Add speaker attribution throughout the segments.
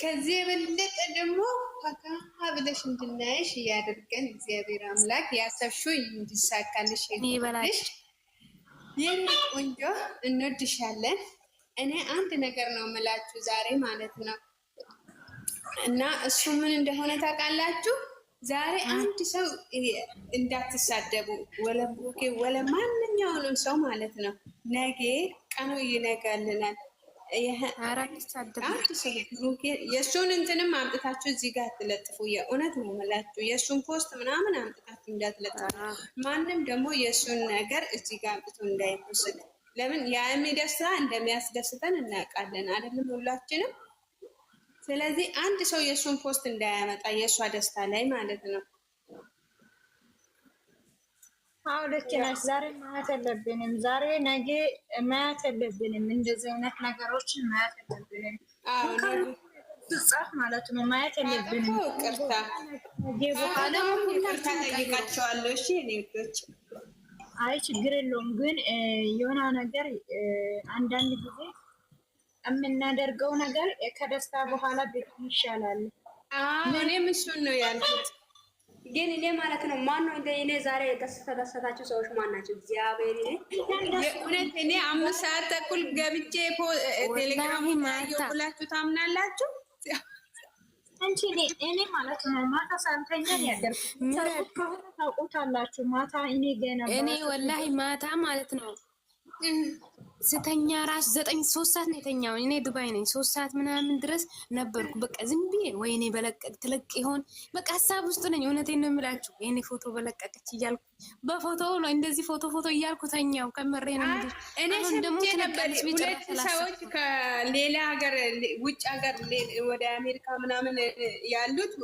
Speaker 1: ከዚህ የበለጠ ደግሞ ፈታ ብለሽ እንድናይሽ እያደርገን እግዚአብሔር አምላክ ያሰብሽው እንዲሳካልሽ ይበላሽ። ቆንጆ እንወድሻለን። እኔ አንድ ነገር ነው የምላችሁ ዛሬ ማለት ነው እና እሱ ምን እንደሆነ ታውቃላችሁ? ዛሬ አንድ ሰው እንዳትሳደቡ፣ ወለ ብሩኬ ወለ ማንኛውንም ሰው ማለት ነው። ነገ ቀኑ ይነጋልናል። የእሱን እንትንም አምጥታችሁ እዚህ ጋር አትለጥፉ። የእውነት ነው የምላችሁ የእሱን ፖስት ምናምን አምጥታችሁ እንዳትለጥፉ። ማንም ደግሞ የእሱን ነገር እዚህ ጋር አምጥቶ እንዳይወስድ። ለምን ያ የሚደስታ እንደሚያስደስተን እናውቃለን አይደለም ሁላችንም። ስለዚህ አንድ ሰው የእሱን ፖስት እንዳያመጣ የእሷ ደስታ ላይ ማለት ነው።
Speaker 2: አዎ ልክ ነሽ። ዛሬ ማየት የለብንም። ዛሬ ነገ ማየት የለብንም። እንደዚህ አይነት ነገሮችን ማየት የለብንም። ስጻፍ ማለት ነው ማየት የለብንም።
Speaker 1: ቅርታ ቅርታ ጠይቃቸዋለሁ። እሺ ኔዎች
Speaker 2: አይ ችግር የለውም። ግን የሆነ ነገር አንዳንድ ጊዜ የምናደርገው ነገር ከደስታ በኋላ ቤት ይሻላል።
Speaker 1: እኔም እሱን ነው ያልኩት።
Speaker 2: ግን እኔ ማለት ነው ማን ነው እኔ ዛሬ የተደሰታችሁ ሰዎች ማን ናቸው? እግዚአብሔር
Speaker 1: እውነት እኔ አምስት ሰዓት ተኩል ገብቼ ቴሌግራም
Speaker 2: ሁላችሁ ታምናላችሁ። አንቺ እኔ ማለት ነው ማታ ሳንተኛ ያደርኩት ታውቁታላችሁ። ማታ እኔ ገና
Speaker 1: እኔ ወላሂ ማታ ማለት ነው ስተኛ ራሱ ዘጠኝ ሶስት ሰዓት ነው የተኛው። እኔ ዱባይ ነኝ። ሶስት ሰዓት ምናምን ድረስ ነበርኩ። በቃ ዝም ብዬ ወይኔ በለቀቅ ትለቅ ይሆን በቃ ሀሳብ ውስጥ ነኝ። እውነቴን ነው የምላችሁ። ይኔ ፎቶ በለቀቀች እያልኩ በፎቶ ነው እንደዚህ ፎቶ ፎቶ እያልኩ ተኛው። ከምሬ ነው ምድ እኔ ሰምቼ ነበር። ሁለት ሰዎች ከሌላ ሀገር ውጭ ሀገር ወደ አሜሪካ ምናምን ያሉት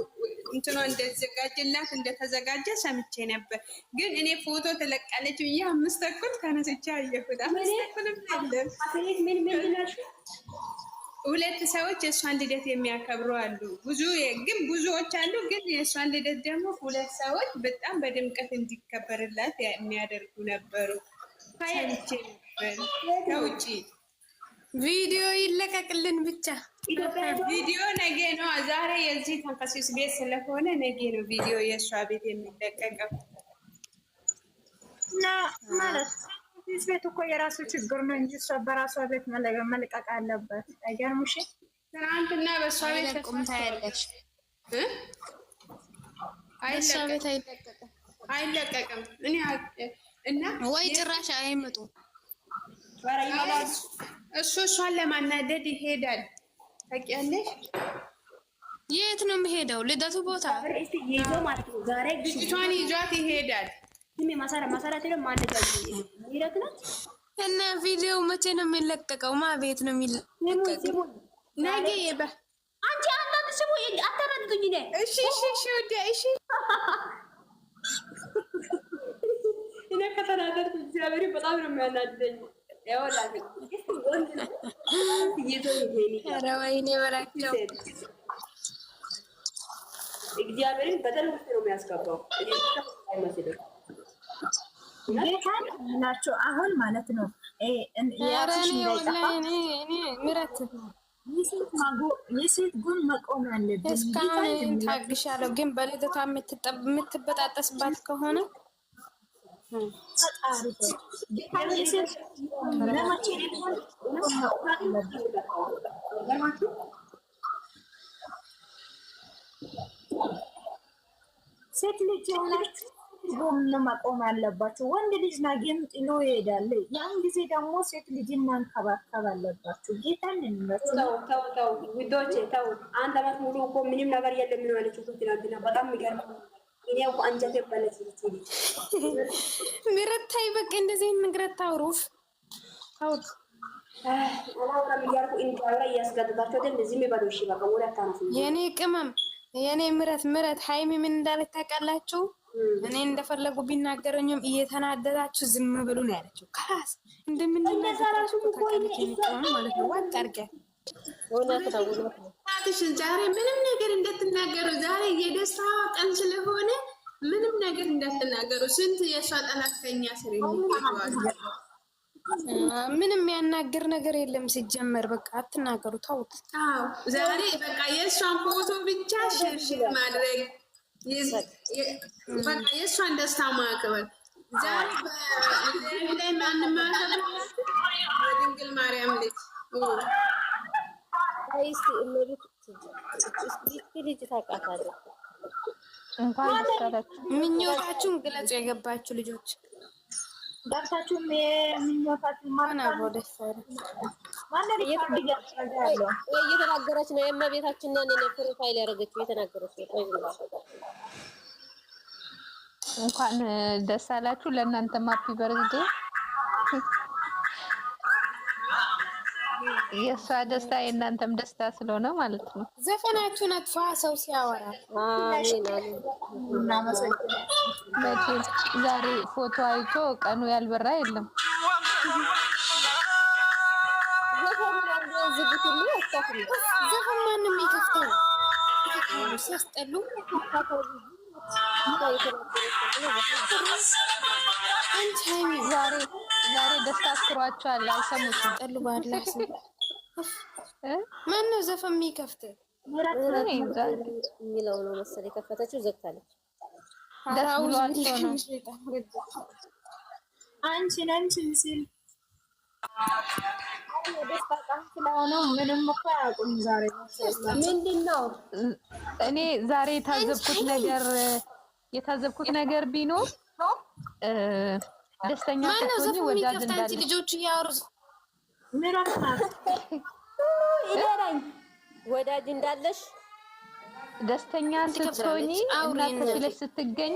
Speaker 1: እንትኖ እንደተዘጋጀላት እንደተዘጋጀ ሰምቼ ነበር። ግን እኔ ፎቶ ተለቃለች ብዬ አምስት ተኩል ከነስቼ አየሁት። አምስት ሁለት ሰዎች የእሷን ልደት የሚያከብሩ አሉ። ብዙ ግን ብዙዎች አሉ። ግን የእሷን ልደት ደግሞ ሁለት ሰዎች በጣም በድምቀት እንዲከበርላት የሚያደርጉ ነበሩ። ሰምቼ ነበር ከውጭ
Speaker 2: ቪዲዮ ይለቀቅልን ብቻ።
Speaker 1: ቪዲዮ ነገ ነው። ዛሬ የዚህ ተንከሲስ ቤት ስለሆነ ነገ ነው ቪዲዮ የእሷ ቤት የሚለቀቀው።
Speaker 2: እና ማለት ተንከሲስ ቤት እኮ የራሱ ችግር ነው እንጂ እሷ በራሷ ቤት መልቀቅ አለበት። አይገርምሽ?
Speaker 1: ትናንትና በእሷ ቤት ቁምታ እሷ ቤት አይለቀቅም፣ አይለቀቅም
Speaker 2: እና ወይ ጭራሽ አይመጡም
Speaker 1: እሱ እሷን ለማናደድ ይሄዳል። ታውቂያለሽ?
Speaker 2: የት ነው የሚሄደው? ልደቱ ቦታ
Speaker 1: ልጅቷን ይዟት ይሄዳል።
Speaker 2: እና ቪዲዮ መቼ ነው የሚለቀቀው? ማ ቤት ነው የሚለቀቀው? ነገ የበ አንቺ አንዳንድ ስሙ አታረግኝ ነ
Speaker 1: እሺ፣ እሺ፣ እሺ፣ እሺ
Speaker 2: እኔ እግዚአብሔር በጣም ነው የሚያናደኝ። ኧረ ወይኔ በላቸው። እግዚአብሔርን ውስጥ ነው የሚያስገባው። አሁን ማለት ነው። ምረት የሴት መቆም ያለብን እስካሁን ታግሻለሁ፣ ግን በልደቷ የምትበጣጠስባት ከሆነ ሴት ልጅ የሆናችሁ ጎን መቆም አለባችሁ። ወንድ ልጅ ነገም ጥሎ ይሄዳል። ያን ጊዜ ደግሞ ሴት ልጅን ማንከባከብ አለባችሁ። ጌታን ተው ተው፣ ውዶቼ ተው። አንድ አመት ሙሉ እኮ ምንም ነገር የለም። ምን አለችው ትናንትና? በጣም የሚገርም ምረታይ በቃ እንደዚህ ነገር አታውሩፍ። አውት የኔ ቅመም የኔ ምረት ምረት ሀይሚ ምን እንዳለች ታውቃላችሁ? እኔ እንደፈለጉ ቢናገረኝም እየተናደዳችሁ ዝም ብሉ ነው ያለችው። ካስ እንደምንናገራችሁ ማለት ነው። ዋጥ አድርጊያት
Speaker 1: ትሽን ዛሬ ምንም ነገር እንደትናገሩ ዛሬ የደስታ ቀን ስለሆነ ምንም ነገር እንደትናገሩ ስንት የእሷ ጠላተኛ ስር
Speaker 2: ምንም ያናገር ነገር የለም። ሲጀመር በቃ አትናገሩ፣ ተውት።
Speaker 1: ዛሬ በቃ የእሷን ፎቶ ብቻ ሽርሽር ማድረግ በቃ የእሷን ደስታ ማክበር ዛሬ ላይ ማንም ማክበር በድንግል ማርያም ልጅ
Speaker 2: አይስ እመቤት ልጅ ታውቃታለህ። እንኳን ምኞታችሁን ግለጹ የገባችሁ ልጆች ገብታችሁም የምኞታችሁን እየተናገረች ነው። የእመቤታችን ነን ፕሮፋይል ያደረገችው እየተናገረች ነው። እንኳን ደስ አላችሁ። በርዝዴ የእሷ ደስታ የእናንተም ደስታ ስለሆነ ማለት ነው። ዘፈናችሁን አጥፋ ሰው ሲያወራ ዛሬ ፎቶ አይቶ ቀኑ ያልበራ የለም። ዘፈን ማንም ይከፍተው ሲያስጠሉ ዛሬ ደስታ አስክሯቸዋል። አልሰሙትም። ነው ዘፈን የሚከፍት የሚለው ነው መሰለኝ። የከፈተችው ዘግታለች። አንቺን
Speaker 1: አንቺን ሲል
Speaker 2: ነው እኔ ዛሬ የታዘብኩት ነገር የታዘብኩት ነገር ቢኖር ደስተኛ ወዳጅ ልጆች እያወሩ ይደረኝ ወዳጅ እንዳለሽ ደስተኛ ስትሆኚ እናተሽለሽ ስትገኝ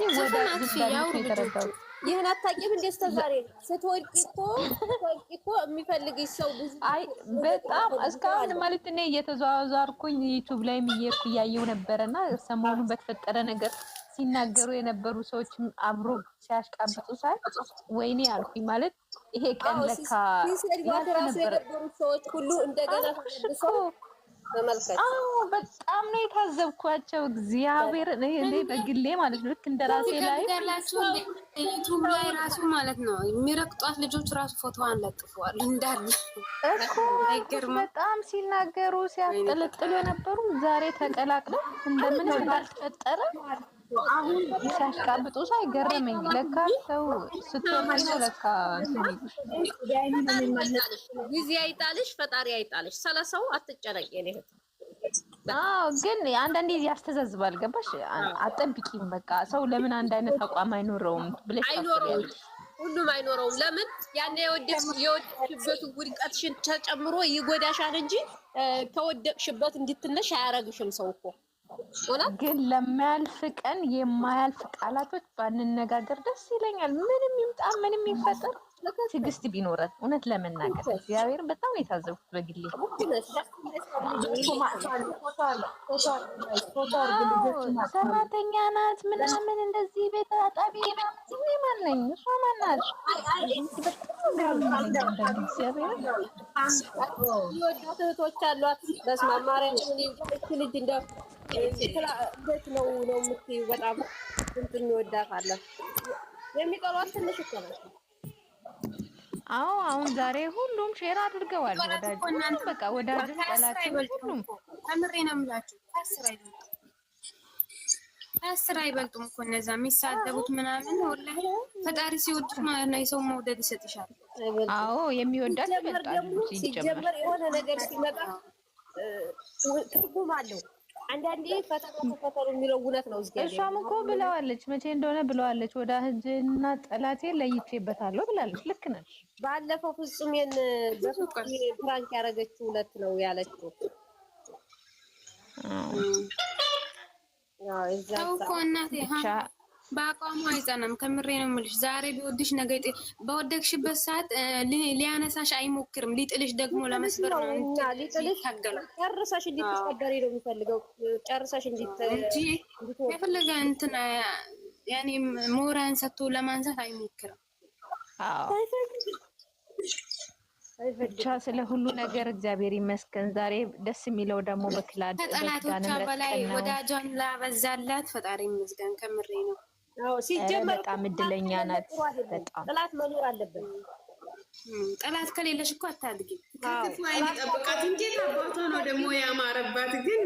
Speaker 2: ይህን አታውቂም ዛሬ ስትወድቂ እኮ ስትወድቂ እኮ የሚፈልግሽ ሰው ብዙ። አይ በጣም እስካሁን ማለት እኔ እየተዟዟርኩኝ ዩቱብ ላይም እየሄድኩ እያየሁ ሰሞኑን በተፈጠረ ነገር ሲናገሩ የነበሩ ሰዎች አብሮ ሲያሽቃብጡ ሳይ ወይኔ አልኩኝ። ማለት ይሄ ቀን ለካ የነበሩት ሰዎች ሁሉ እንደገና በጣም ነው የታዘብኳቸው። እግዚአብሔር እኔ በግሌ ማለት ነው ልክ እንደ ራሴ ላይ ዩቱብ ላይ ራሱ ማለት ነው የሚረግጧት ልጆች ራሱ ፎቶ አንለጥፈዋል እንዳለ በጣም ሲናገሩ ሲያስጠለጥሉ የነበሩ ዛሬ ተቀላቅለው እንደምን እንዳልተፈጠረ ሲያሽቃብጡ ሳይገረመኝ ለካ ሰው ስትወርድ ለካ ጊዜ አይጣልሽ፣ ፈጣሪ አይጣልሽ። ስለሰው አትጨነቂ የኔ አዎ ግን አንዳንዴ ያስተዛዝባል። ገባሽ? አጠብቂም በቃ ሰው ለምን አንድ አይነት አቋም አይኖረውም ብለሽ ታስቢያለሽ። ሁሉም አይኖረውም። ለምን ያን የወደቅሽበት ውድቀትሽን ተጨምሮ ይጎዳሻል እንጂ ከወደቅሽበት እንድትነሽ አያረግሽም ሰው እኮ ግን ለማያልፍ ቀን የማያልፍ ቃላቶች ባንነጋገር ደስ ይለኛል። ምንም ይምጣ ምንም ይፈጠር ትዕግስት ቢኖረን እውነት ለመናገር እግዚአብሔርን በጣም የታዘብኩት በግሌ ሰራተኛ ናት ምናምን እንደዚህ ቤት አጣቢ ምናምን ማነኝ እሷ ማናት? የወዳት እህቶች አሏት። በስመ አብ ማርያም ልጅ እንደው ቤት ነው ነው የምትወጣ እንትን ይወዳታለን የሚቀሯት ትንሽ እኮ ነው አዎ አሁን ዛሬ ሁሉም ሼር አድርገዋል። ወዳጅ በቃ ወዳጅ ሁሉም ተምሬ ነው የምላችሁ። ከአስር አይበልጡም እኮ እነዛ የሚሳደቡት ምናምን። ወላሂ ፈጣሪ ሲወድ ማለት ነው የሰው መውደድ ይሰጥሻል። አዎ የሚወዳት ይበልጣል። ሲጀመር የሆነ ነገር ሲመጣ ትርጉም አለው። አንዳንዴ ፈተና ተፈተኑ የሚለው እውነት ነው። እሷም እኮ ብለዋለች፣ መቼ እንደሆነ ብለዋለች። ወደ ህጅና ጠላቴ ለይቼበታለሁ ብላለች። ልክ ነች። ባለፈው ፍጹሜን ፕራንክ ያደረገችው እውነት ነው ያለችው እዛ እኮ እናቴ በአቋሙ አይጸናም። ከምሬ ነው የምልሽ። ዛሬ ቢወድሽ ነገ በወደግሽበት ሰዓት ሊያነሳሽ አይሞክርም። ሊጥልሽ ደግሞ ለመስበር ነው ጨርሰሽ እንዲትቀበሪ ነው የሚፈልገው። ጨርሰሽ እንጂ የፈለገ እንትን ያኔ ሞራን ሰጥቶ ለማንሳት አይሞክርም። ብቻ ስለ ሁሉ ነገር እግዚአብሔር ይመስገን። ዛሬ ደስ የሚለው ደግሞ በክላድ ከጠላቶቿ በላይ ወዳጇን ላበዛላት ፈጣሪ ይመስገን። ከምሬ ነው። በጣም እድለኛ ናት። በጣም ጥላት መኖር አለበት። ጠላት ከሌለሽ እኮ አታድግም። ከክፉ የሚጠብቃት እንጂ አባቷ ነው ደግሞ ያማረባት። ግን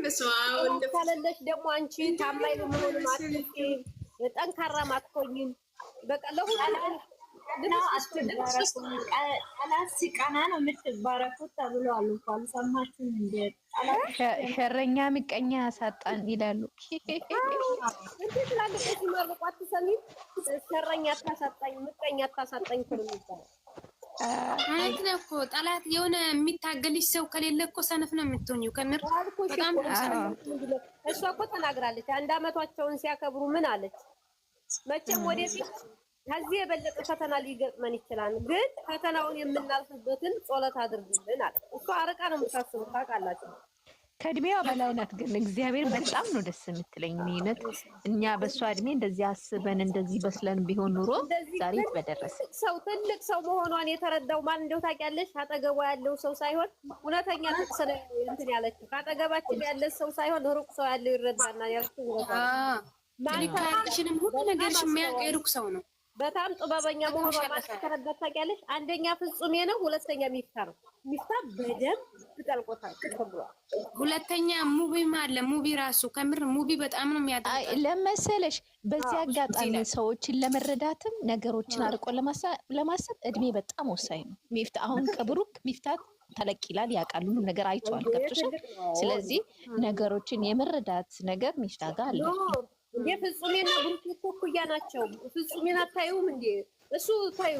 Speaker 2: ከሌለሽ ደግሞ አንቺ ታማኝ መሆኑን ጠንካራ ማትሆኝም በቃ ለሁሉ ጠላት ሲቀና ነው የምትባረኩት ተብሎ አሉ። አልሰማችሁም? እንደ ሸረኛ ምቀኛ ያሳጣን ይላሉ። ሸረኛ አታሳጣኝ፣ ምቀኛ አታሳጣኝ እውነት ነው እኮ ጠላት የሆነ የሚታገልሽ ሰው ከሌለ እኮ ሰነፍ ነው የምትሆኝው። ከምር እሷ እኮ ተናግራለች። አንድ አመቷቸውን ሲያከብሩ ምን አለች? መቼም ወደፊት ከዚህ የበለጠ ፈተና ሊገጥመን ይችላል፣ ግን ፈተናውን የምናልፍበትን ጸሎት አድርጉልን አለ። እሱ አረቃ ነው የምታስቡት ታውቃላችሁ። ከእድሜዋ በላይ ናት፣ ግን እግዚአብሔር በጣም ነው ደስ የምትለኝ። ምነት እኛ በእሷ እድሜ እንደዚህ አስበን እንደዚህ በስለን ቢሆን ኑሮ ዛሬ በደረሰ ሰው ትልቅ ሰው መሆኗን የተረዳው ማን እንደው ታውቂያለሽ? አጠገቧ ያለው ሰው ሳይሆን እውነተኛ ስለ እንትን ያለችው ከአጠገባችን ያለ ሰው ሳይሆን ሩቅ ሰው ያለው ይረዳና ያልኩ ማንታሽንም ሁሉ ነገርሽ የሚያውቅ የሩቅ ሰው ነው በጣም ጥበበኛ መሆኗ ማስከረበት ታውቂያለሽ። አንደኛ ፍጹሜ ነው፣ ሁለተኛ ሚፍታ ነው። ሚፍታ በደንብ ትጠልቆታል። ሁለተኛ ሙቢ ማለ ሙቪ ራሱ ከምር ሙቪ በጣም ነው የሚያደ ለመሰለሽ። በዚህ አጋጣሚ ሰዎችን ለመረዳትም ነገሮችን አርቆ ለማሰብ እድሜ በጣም ወሳኝ ነው። ሚፍታ አሁን ከብሩክ ሚፍታት ተለቅ ይላል ያውቃል፣ ሁሉም ነገር አይቷል። ገብቶሻል። ስለዚህ ነገሮችን የመረዳት ነገር ሚፍታ ጋር አለ። የፍጹሜና ብሩኬ እኮ እኩያ ናቸው። ፍጹሜን አታዩም እንዴ? እሱ ታዩ።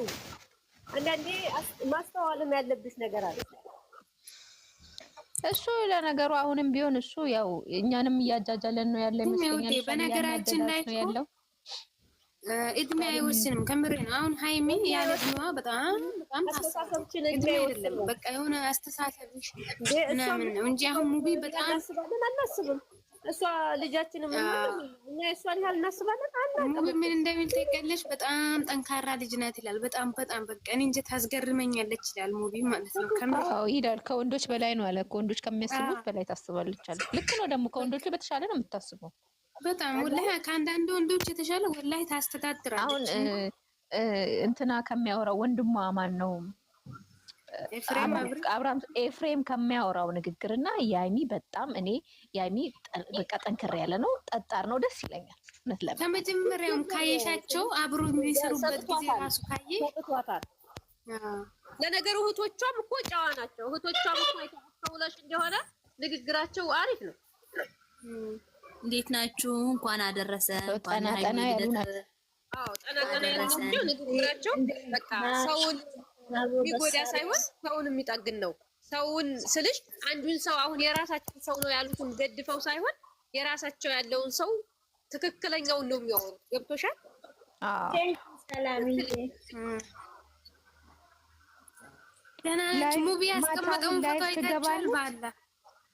Speaker 2: አንዳንዴ ማስተዋልም ያለብሽ ነገር አለ። እሱ ለነገሩ አሁንም ቢሆን እሱ ያው እኛንም እያጃጃለን ነው ያለ ይመስለኛል። በነገራችን ላይ ያለው እድሜ አይወስንም። ከምሬ ነው። አሁን ሃይሚ ያለ እድሜዋ በጣም በጣም አስተሳሰብችን እድሜ አይደለም። በቃ የሆነ አስተሳሰብሽ ምናምን ነው እንጂ አሁን ሙቢ በጣም አናስብም እሷ ልጃችን እኛ የእሷን ያህል እናስባለን። አንድ ምን እንደሚል ታውቂያለሽ? በጣም ጠንካራ ልጅ ናት ይላል። በጣም በጣም በቃ እኔ እንጃ ታስገርመኛለች ይላል ሙቢ ማለት ነው። ይላል ከወንዶች በላይ ነው አለ። ከወንዶች ከሚያስቡት በላይ ታስባለች አለ። ልክ ነው ደግሞ ከወንዶቹ በተሻለ ነው የምታስበው። በጣም ወላ ከአንዳንድ ወንዶች የተሻለ ወላይ ታስተዳድራለች። አሁን እንትና ከሚያወራው ወንድሟ ማን ነው? አብርሃም ኤፍሬም ከሚያወራው ንግግር ንግግርና ያይሚ በጣም እኔ ያይሚ በቃ ጠንክር ያለ ነው፣ ጠጣር ነው፣ ደስ ይለኛል። ከመጀመሪያውም ካየሻቸው አብሮ የሚሰሩበት ጊዜ ራሱ ካየ ለነገሩ እህቶቿም እኮ ጨዋ ናቸው። እህቶቿም እኮ የተሰውለሽ እንደሆነ ንግግራቸው አሪፍ ነው። እንዴት ናችሁ? እንኳን አደረሰ ጠና ጠና ያሉ ናቸው። ንግግራቸው በቃ ሰውን የሚጎዳ ሳይሆን ሰውን የሚጠግን ነው። ሰውን ስልሽ አንዱን ሰው አሁን የራሳቸው ሰው ነው ያሉትን ገድፈው ሳይሆን የራሳቸው ያለውን ሰው ትክክለኛውን ነው የሚያወሩት። ገብቶሻል? ሙቪ ያስቀመጠውን ፎቶ አይታችኋል? ባለ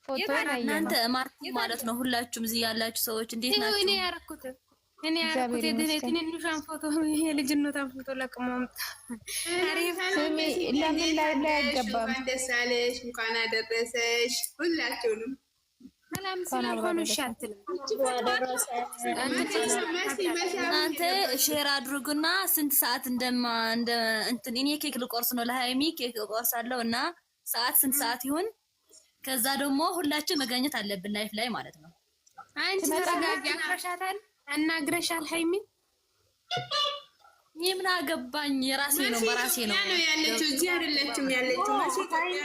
Speaker 2: ፎቶ እናንተ ማርቲ ማለት ነው። ሁላችሁም እዚህ ያላችሁ ሰዎች እንዴት ናቸው? እኔ ያደረኩት እኔ ያልኩት የትንሿን ፎቶ የልጅነቷን ፎቶ እናንተ ሼር አድርጉና ስንት ሰዓት እንደማ እንትን እኔ ኬክ ልቆርስ ነው ኬክ እቆርሳለሁ እና ሰዓት ስንት ሰዓት ይሁን? ከዛ ደግሞ ሁላችሁ መገኘት አለብን ላይፍ ላይ ማለት ነው። አንቺ ተረጋጊ፣ አፍረሻታል አናግረሻል ሀይሚን? ምን አገባኝ? የራሴ ነው በራሴ ነው ያለችው። እዚህ አይደለችም ያለችው።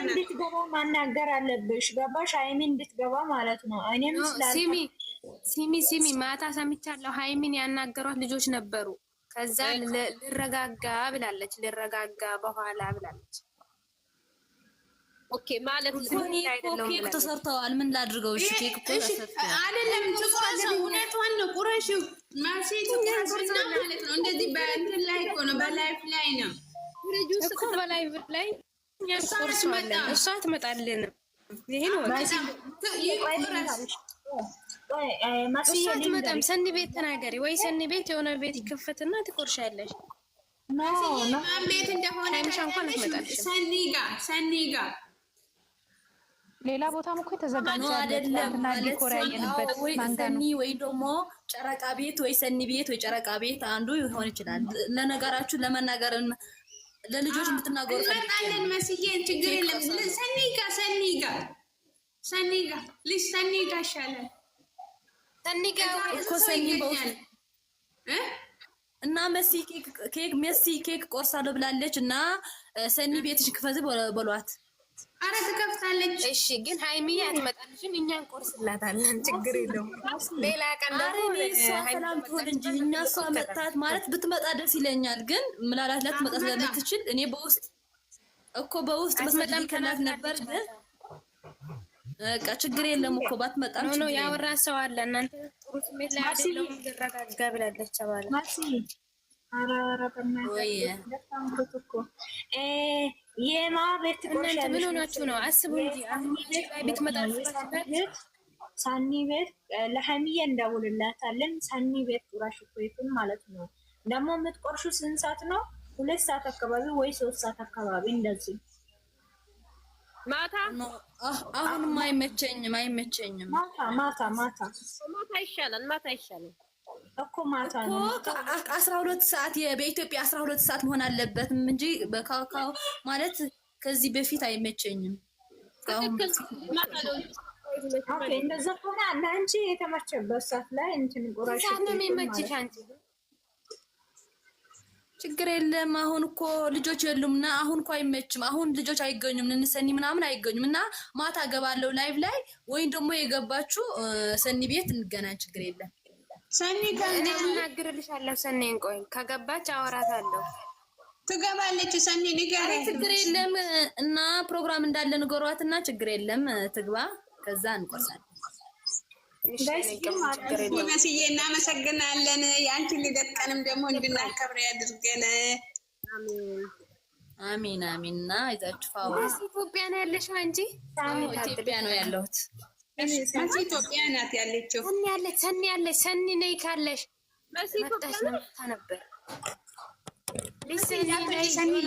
Speaker 2: እንድትገባ ማናገር አለብሽ። ገባሽ? ሀይሚን እንድትገባ ማለት ነው። እኔም ሲሚ ሲሚ ሲሚ ማታ ሰምቻለሁ። ሀይሚን ያናገሯት ልጆች ነበሩ። ከዛ ልረጋጋ ብላለች። ልረጋጋ በኋላ ብላለች። ኦኬ ማለት ኬክ ተሰርተዋል። ምን ላድርገው? እሺ ኬክ እኮ አይደለም ቁረሺው፣ እውነቷን ነው ቁረሽ ማርሴ ቁረሽና ማለት ነው እንደዚህ በእንትን ላይ እኮ ነው በላይፍ ላይ ነው እኮ በላይፍ ላይ እሷ ትመጣልን። ይሄን እሷ አትመጣም። ሰኒ ቤት ተናገሪ ወይ ሰኒ ቤት የሆነ ቤት ይከፈትና ትቆርሻለሽ። ማን ቤት እንደሆነ ሰኒ ጋ ሰኒ ጋ ሌላ ቦታም እኮ የተዘጋጀ ወይ ደግሞ ጨረቃ ቤት ወይ ሰኒ ቤት ወይ ጨረቃ ቤት አንዱ ሊሆን ይችላል። ለነገራችሁ ለመናገር ለልጆች የምትናገሩ መስዬን ችግር የለም። ሰኒ ጋ ሰኒ ጋ ሰኒ ጋ ልጅ ሰኒ ጋ ይሻላል። ሰኒ ጋ እኮ ሰኒ እና መሲ ኬክ ኬክ መሲ ኬክ ቆርሳለሁ ብላለች እና ሰኒ ቤትሽ ክፈዝ በሏት አረ ትከፍታለች። እሺ ግን ሀይሚዬ አትመጣልሽም፣ እኛን ቆርስላታለን። ችግር የለውም። ሌላ ቀን ሰላም ትሆን እንጂ እኛ እሷ መጣት ማለት ብትመጣ ደስ ይለኛል። ግን ምናላት ላትመጣ ስለምትችል እኔ በውስጥ እኮ በውስጥ መስመጣም ከናት ነበር። ግን በቃ ችግር የለም እኮ ባትመጣም ኖ ያወራ ሰው አለ። እናንተ ጥሩ ስሜት ላይ አደለው ረጋጋ ብላለች ማለት የማህበር እናንተ ምን ሆናችሁ ነው? አስቡ እንጂ ቤት ሳኒ ቤት ለሐሚዬ እንደውልላታለን። ሳኒ ቤት ቁራሽ እኮ ማለት ነው። ደግሞ የምትቆርሹ ስንት ሰዓት ነው? ሁለት ሰዓት አካባቢ ወይ ሶስት ሰዓት አካባቢ እንደዚህ ማታ አሁንም አይመቸኝም አይመቸኝም። ማታ ማታ ማታ ማታ ይሻላል። ማታ ይሻላል። እኮ ማታ ነው አስራ ሁለት ሰዓት በኢትዮጵያ አስራ ሁለት ሰዓት መሆን አለበትም እንጂ በካካው ማለት ከዚህ በፊት አይመቸኝም። እንደዛ ከሆነ ለአንቺ የተመቸበት ሰዓት ላይ እንትን ቁራሽ አንቺ ችግር የለም። አሁን እኮ ልጆች የሉምና አሁን እኮ አይመችም። አሁን ልጆች አይገኙም፣ ንንሰኒ ምናምን አይገኙም። እና ማታ ገባለው ላይቭ ላይ ወይም ደግሞ የገባችሁ ሰኒ ቤት እንገናኝ። ችግር የለም። ሰኒ እናግርልሻለሁ። ሰኒን ቆይ ከገባች አወራታለሁ። ትገባለች። ሰኒ ንገረኝ፣ ችግር የለም እና ፕሮግራም እንዳለ ንገሯት እና ችግር የለም ትግባ። ከዛ እንቆርሳለን። መስዬ እናመሰግናለን። የአንቺን ልደት ቀንም ደግሞ እንድናከብር ያድርገን። አሚን አሚን። እና ይዛችሁ ኢትዮጵያ ነው ያለሽ አንቺ? ኢትዮጵያ ነው ያለሁት። ኢትዮጵያ ናት ያለችው። ሰኒ ያለች ሰኒ ያለች ሰኒ ነይ ካለሽ መጣሽ ነበር። ሰኒ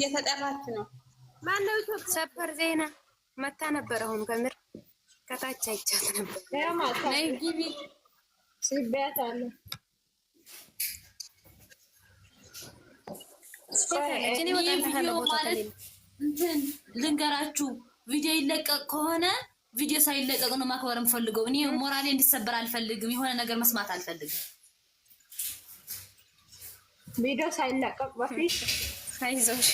Speaker 2: እየተጠራች ነው። ማነው ሰበር ዜና መታ ነበር። አሁን ከምር ከታች አይቻት ነበር። ነይ ግቢ ሲበያት አለ ልንገራችሁ ቪዲዮ ይለቀቅ ከሆነ ቪዲዮ ሳይለቀቅ ነው ማክበር የምፈልገው። እኔ ሞራሌ እንዲሰበር አልፈልግም። የሆነ ነገር መስማት አልፈልግም። ቪዲዮ ሳይለቀቅ በፊት አይዞሽ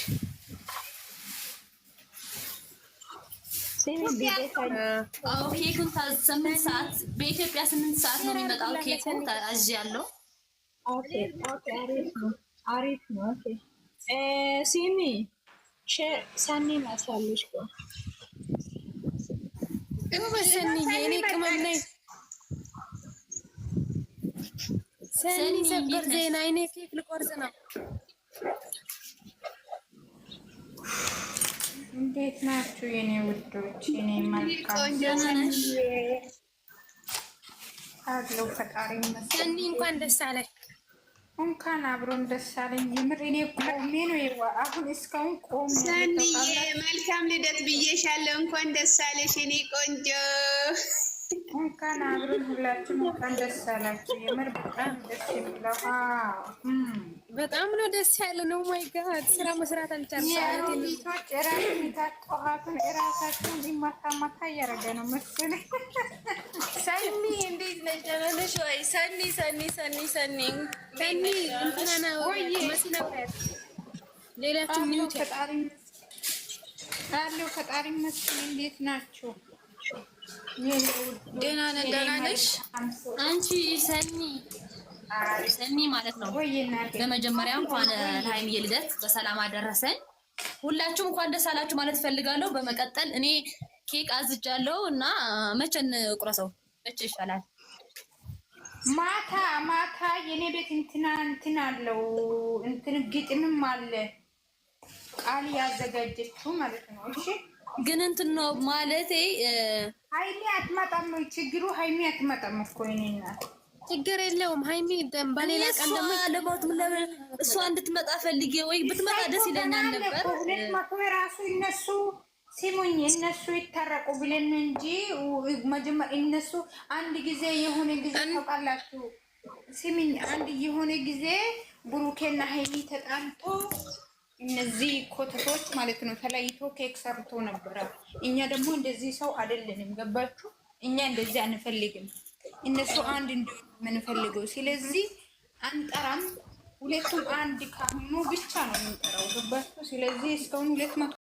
Speaker 2: ኬኩን ስምንት ሰዓት በኢትዮጵያ ስምንት ሰዓት ነው የሚመጣው። ኬኩን አዥ ያለው አሪፍ ነው። ሲሚ ሰኒ ይመስላለች ሰኒ እኔ ቅመም ነኝ። ሰኒ ሰበር ዜና እኔ ኬክ ልቆርጽ ነው። እንዴት ናችሁ የኔ ውዶች? እኔ መልካም አለው ፈጣሪ ይመስገን። ሰኒ እንኳን ደስ አለሽ። እንኳን አብሮን ደስ አለኝ። የምር እኔ ቆሜ ነው ይዋ አሁን እስካሁን ቆሜ ሰንዬ መልካም ልደት ብዬሻለሁ። እንኳን ደስ አለሽ ቆንጆ እንኳን አብረን ሁላችሁም እንኳን ደስ አላችሁ። የምር በጣም ደስ የሚለው በጣም ነው ደስ ያለ ነው። ማይ ጋድ ስራ መስራት አልቻልኩም። ልጆች ራስሚታት ጠዋቱን ራሳቸውን ሊማታ ማታ እያደረገ ነው ሰኒ እንዴት ነሽ? ደህና ነሽ ወይ? ሰኒ ሰኒ ሰኒ ሰኒ ሰኒ ወይ ነበር። ሌላችሁ ሚዩት ፈጣሪ አለሁ። ፈጣሪ እንዴት ናችሁ? ደህና ነን። ደህና ነሽ አንቺ? ሰኒ ሰኒ ማለት ነው። በመጀመሪያ እንኳን ሃይሚዬ ልደት በሰላም አደረሰን። ሁላችሁም እንኳን ደስ አላችሁ ማለት እፈልጋለሁ። በመቀጠል እኔ ኬክ አዝጃለሁ እና መቼ እንቁረሰው? መቼ ይሻላል? ማታ ማታ የኔ ቤት እንትና እንትን አለው እንትን ግጥምም አለ ቃል ያዘጋጀችው ማለት ነው። እሺ ግን እንትን ነው ማለቴ ሀይሚ አትመጣም። ችግሩ ሀይሚ አትመጣም እኮ ይኔና ችግር የለውም። ሀይሚ በሌላ ቀን ደግሞ ለሞት እሷ እንድትመጣ ፈልጌ ወይ ብትመጣ ደስ ይለኛል ነበር። ሁለት መቶ የራሱ እነሱ ሲሙኝ እነሱ ይታረቁ ብለን እንጂ መጀመር እነሱ አንድ ጊዜ የሆነ ጊዜ ታውቃላችሁ። ሲሚኝ አንድ የሆነ ጊዜ ብሩኬና ሀይሚ ተጣልቶ እነዚህ ኮተቶች ማለት ነው ተለይቶ ኬክ ሰርቶ ነበረ። እኛ ደግሞ እንደዚህ ሰው አይደለንም፣ ገባችሁ? እኛ እንደዚህ አንፈልግም። እነሱ አንድ እንዲሆኑ የምንፈልገው ስለዚህ አንጠራም። ሁለቱም አንድ ካሆኑ ብቻ ነው የምንጠራው፣ ገባችሁ? ስለዚህ እስካሁን ሁለት መቶ